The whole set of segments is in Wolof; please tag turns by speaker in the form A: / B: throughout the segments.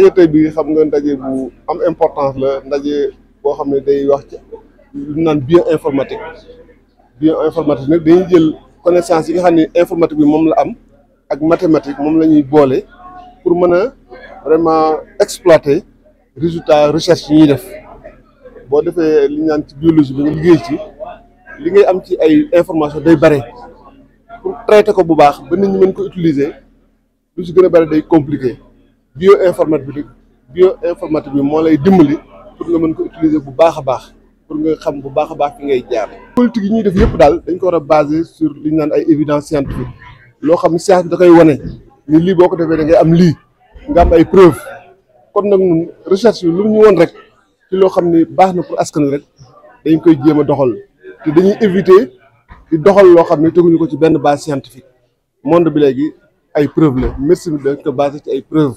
A: ndaje tey xam nga ndaje bu am importance la ndaje boo xam ne day wax ci naan bien informatique bien informatique nag dañuy jël connaissance yi nga xam ne informatique bi moom la am ak mathématique moom la ñuy boole pour mën a vraiment exploiter résultat recherche yi ñuy def boo defee li ñu naan ci biologie bi nga liggéey ci li ngay am ci ay information day bare pour traiter ko bu baax ba nit ñi mën ko utiliser lu si gën a bare day compliqué bio informatique bio informatique bi mo lay dimbali pour nga mën ko utiliser bu baax baax pour nga xam bu baax baax fi ngay jaar. politique yi ñuy def yépp daal dañ ko wara baser sur li ñaan ay évidence scientifique lo xam science da koy woné ni li boko défé da ngay am li nga am ay preuve kon nak ñun recherche lu ñu won rek ci lo xamni ne pour askan rek dañ koy jema doxal té dañuy éviter di doxal lo xamni ne teguñu ko ci benn base scientifique monde bi légui ay preuve la merci bi dañ base ci ay preuve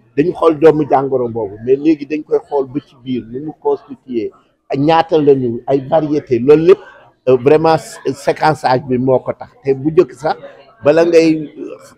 B: dañu xool doomu jàngoro boobu mais léegi dañ koy xool ba ci biir nu mu constitué ñaata lañu ay variété loolu lépp euh, vraiment séquençage bi moo ko tax te bu njëkk sax bala ngay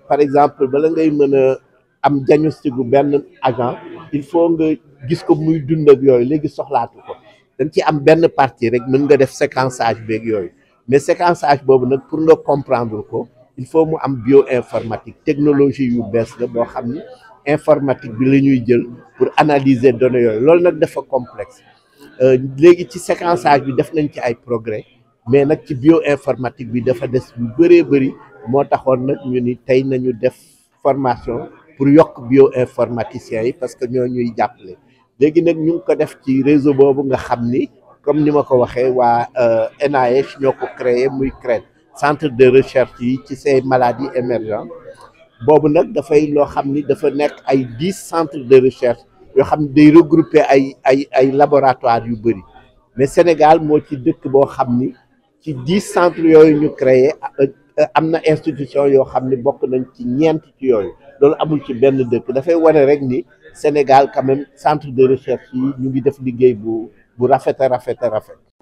B: par exemple bala ngay mën a am diagnostic bu benn agent il faut nga gis ko muy dund ak yooyu léegi soxlaatu ko dañ ci am benn partie rek mën nga def séquençage beeg yooyu mais séquençage boobu nag pour nga comprendre ko il faut mu am bio informatique technologie yu bees la boo xam ni informatique bi la ñuy jël pour analyser données yooyu loolu nag dafa complexe euh, léegi ci séquençage bi def nañ ci ay progrès mais nag ci bioinformatique bi dafa des lu bëree bëri moo taxoon nag ñu ni tey nañu def formation pour yokk bioinformaticien yi parce que ñoo ñuy jàppale léegi nag ñu ngi ko def ci réseau boobu nga xam ni comme ni ma ko waxee waa NIH euh, ñoo ko créé muy CRED centre de recherche yi ci ces maladies émergentes nak da fay lo xamni da fa nek ay 10 centres de recherche yo xamni ni day regrouper ay ay ay laboratoires yu bëri mais Sénégal mo ci deuk bo xamni ci 10 centres yooyu ñu créé euh, amna institution yo xamni ni nañ ci ñent ci yooyu loolu amul ci benn da fay wone rek ni Sénégal quand même centre de recherche yi ñu ngi def liguey bu bu rafet a rafet rafet.